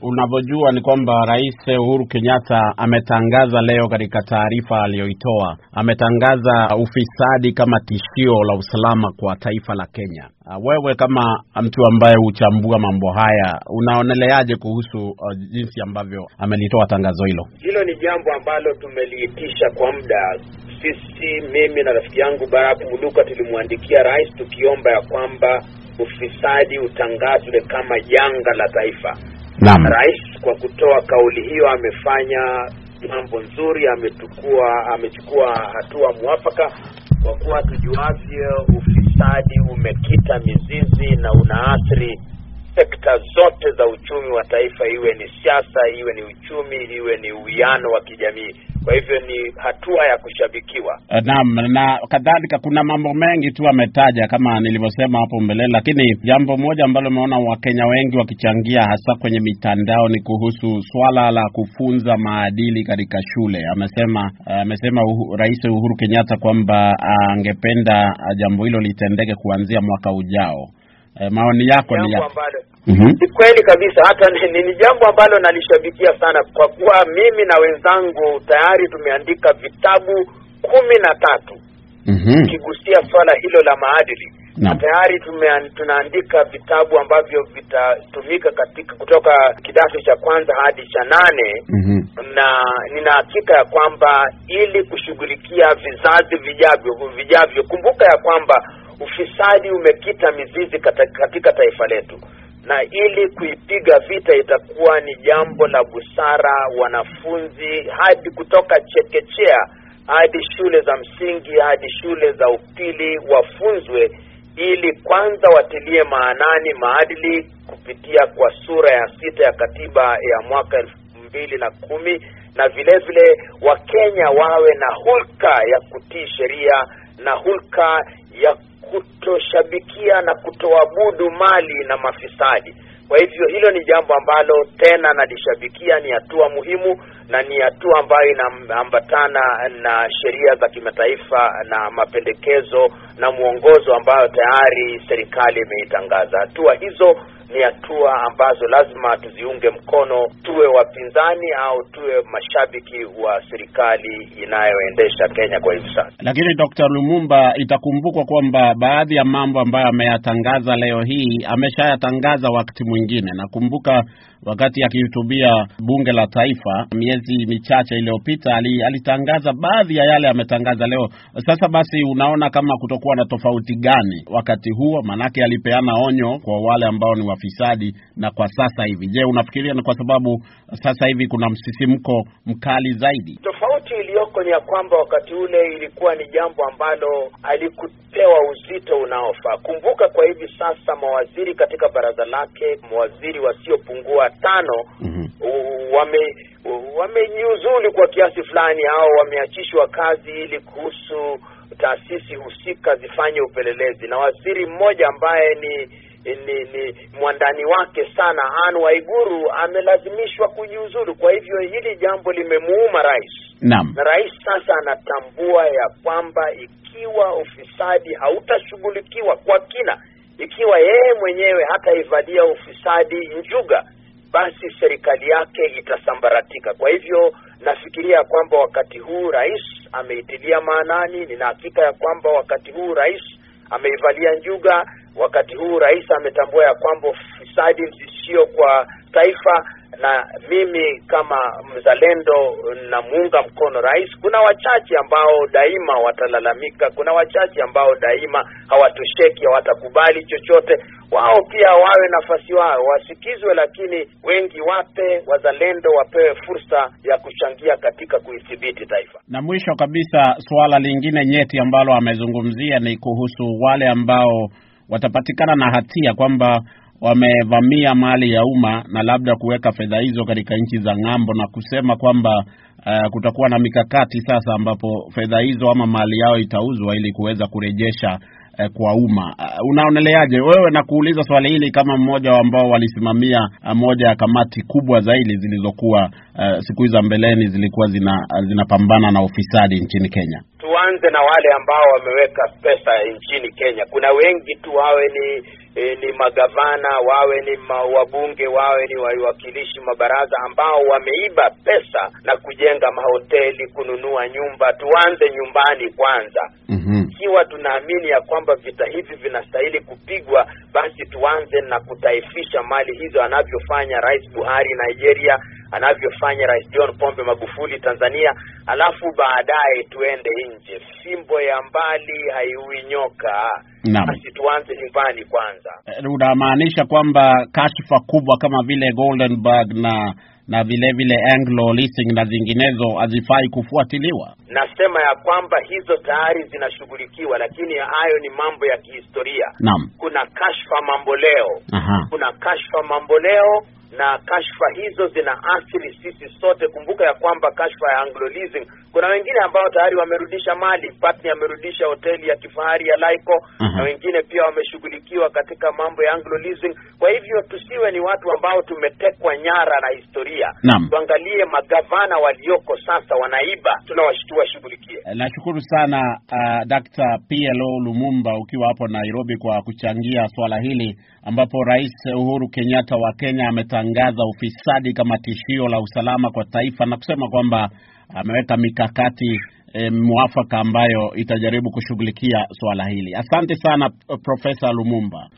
Unavyojua ni kwamba Rais Uhuru Kenyatta ametangaza leo katika taarifa aliyoitoa, ametangaza ufisadi kama tishio la usalama kwa taifa la Kenya. Ah, wewe kama mtu ambaye huchambua mambo haya, unaoneleaje kuhusu uh, jinsi ambavyo amelitoa tangazo hilo? Hilo ni jambo ambalo tumeliitisha kwa muda sisi, mimi na rafiki yangu Barack Muluka tulimwandikia rais tukiomba ya kwamba ufisadi utangazwe kama janga la taifa. Naam. Rais kwa kutoa kauli hiyo amefanya mambo nzuri, ametukua amechukua hatua mwafaka, kwa kuwa tujuavyo ufisadi umekita mizizi na unaathiri sekta zote za uchumi wa taifa, iwe ni siasa, iwe ni uchumi, iwe ni uwiano wa kijamii. Kwa hivyo ni hatua ya kushabikiwa. Eh, naam, na, na kadhalika kuna mambo mengi tu ametaja kama nilivyosema hapo mbele, lakini jambo moja ambalo umeona Wakenya wengi wakichangia hasa kwenye mitandao ni kuhusu swala la kufunza maadili katika shule. Amesema eh, amesema uh, Rais Uhuru Kenyatta kwamba eh, angependa uh, jambo hilo litendeke kuanzia mwaka ujao eh, maoni yako ni yapi? mm -hmm. Ni kweli kabisa, hata ni jambo ambalo nalishabikia sana, kwa kuwa mimi na wenzangu tayari tumeandika vitabu kumi na tatu mhm. ukigusia mm -hmm. swala hilo la maadili na tayari tunaandika vitabu ambavyo vitatumika katika kutoka kidato cha kwanza hadi cha nane. mm -hmm. na nina hakika ya kwamba ili kushughulikia vizazi vijavyo vijavyo, kumbuka ya kwamba ufisadi umekita mizizi katika taifa letu, na ili kuipiga vita itakuwa ni jambo la busara wanafunzi hadi kutoka chekechea hadi shule za msingi hadi shule za upili wafunzwe, ili kwanza watilie maanani maadili kupitia kwa sura ya sita ya katiba ya mwaka elfu mbili na kumi na vile vile Wakenya wawe na hulka ya kutii sheria na hulka ya kutoshabikia na kutoabudu mali na mafisadi kwa hivyo hilo ni jambo ambalo tena nalishabikia, ni hatua muhimu na ni hatua ambayo inaambatana na sheria za kimataifa na mapendekezo na mwongozo ambayo tayari serikali imeitangaza. Hatua hizo ni hatua ambazo lazima tuziunge mkono, tuwe wapinzani au tuwe mashabiki wa serikali inayoendesha Kenya kwa hivi sasa. Lakini Dr. Lumumba, itakumbukwa kwamba baadhi ya mambo ambayo ameyatangaza leo hii ameshayatangaza wakati mwingine mengine. Nakumbuka wakati akihutubia bunge la taifa miezi michache iliyopita, alitangaza baadhi ya yale ametangaza leo. Sasa basi, unaona kama kutokuwa na tofauti gani wakati huo? Maanake alipeana onyo kwa wale ambao ni wafisadi na kwa sasa hivi. Je, unafikiria ni kwa sababu sasa hivi kuna msisimko mkali zaidi tofauti tofauti iliyoko ni ya kwamba wakati ule ilikuwa ni jambo ambalo alikupewa uzito unaofaa. Kumbuka, kwa hivi sasa mawaziri katika baraza lake, mawaziri wasiopungua tano mm -hmm. wame wamejiuzulu kwa kiasi fulani au wameachishwa kazi ili kuhusu taasisi husika zifanye upelelezi, na waziri mmoja ambaye ni ni, ni mwandani wake sana Anne Waiguru amelazimishwa kujiuzulu. Kwa hivyo hili jambo limemuuma rais. Naam. Na rais sasa anatambua ya kwamba ikiwa ufisadi hautashughulikiwa kwa kina, ikiwa yeye mwenyewe hataivalia ufisadi njuga, basi serikali yake itasambaratika. Kwa hivyo nafikiria kwamba wakati huu rais ameitilia maanani, nina hakika ya kwamba wakati huu rais ameivalia njuga, wakati huu rais ametambua ya kwamba ufisadi sio kwa taifa na mimi kama mzalendo namuunga mkono rais. Kuna wachache ambao daima watalalamika, kuna wachache ambao daima hawatosheki, hawatakubali chochote. Wao pia wawe nafasi wao, wasikizwe, lakini wengi wape wazalendo, wapewe fursa ya kuchangia katika kuithibiti taifa. Na mwisho kabisa, suala lingine nyeti ambalo amezungumzia ni kuhusu wale ambao watapatikana na hatia kwamba wamevamia mali ya umma na labda kuweka fedha hizo katika nchi za ng'ambo, na kusema kwamba uh, kutakuwa na mikakati sasa ambapo fedha hizo ama mali yao itauzwa ili kuweza kurejesha uh, kwa umma. Uh, unaoneleaje wewe? Nakuuliza swali hili kama mmoja ambao walisimamia moja ya kamati kubwa zaidi zilizokuwa uh, siku za mbeleni zilikuwa zina zinapambana na ufisadi nchini Kenya. Tuanze na wale ambao wameweka pesa nchini Kenya. Kuna wengi tu wawe ni e, ni magavana wawe ni wabunge wawe ni wawakilishi mabaraza ambao wameiba pesa na kujenga mahoteli, kununua nyumba. Tuanze nyumbani kwanza. Mhm. Ikiwa mm -hmm. tunaamini ya kwamba vita hivi vinastahili kupigwa, basi tuanze na kutaifisha mali hizo anavyofanya Rais Buhari Nigeria anavyofanya Rais John Pombe Magufuli Tanzania, alafu baadaye tuende nje. Fimbo ya mbali haiui nyoka. Basi tuanze nyumbani kwanza. Eh, unamaanisha kwamba kashfa kubwa kama vile Goldenberg na na vile vile Anglo Leasing na zinginezo hazifai kufuatiliwa? Nasema ya kwamba hizo tayari zinashughulikiwa, lakini hayo ni mambo ya kihistoria. Naam. Kuna kashfa mamboleo. Aha. Kuna kashfa mamboleo na kashfa hizo zina asili sisi sote. Kumbuka ya kwamba kashfa ya Anglo Leasing kuna wengine ambao tayari wamerudisha mali, Patni amerudisha hoteli ya kifahari ya Laiko mm -hmm. na mhm. wengine pia wameshughulikiwa katika mambo ya Anglo Leasing. Kwa hivyo tusiwe ni watu ambao tumetekwa nyara na historia. Naam. Tuangalie magavana walioko sasa wanaiba, tunawashughulikie. Eh, nashukuru sana uh, Dr. PLO Lumumba ukiwa hapo Nairobi kwa kuchangia swala hili ambapo Rais Uhuru Kenyatta wa Kenya ametangaza ufisadi kama tishio la usalama kwa taifa na kusema kwamba ameweka mikakati E, mwafaka ambayo itajaribu kushughulikia swala hili. Asante sana eh, Profesa Lumumba.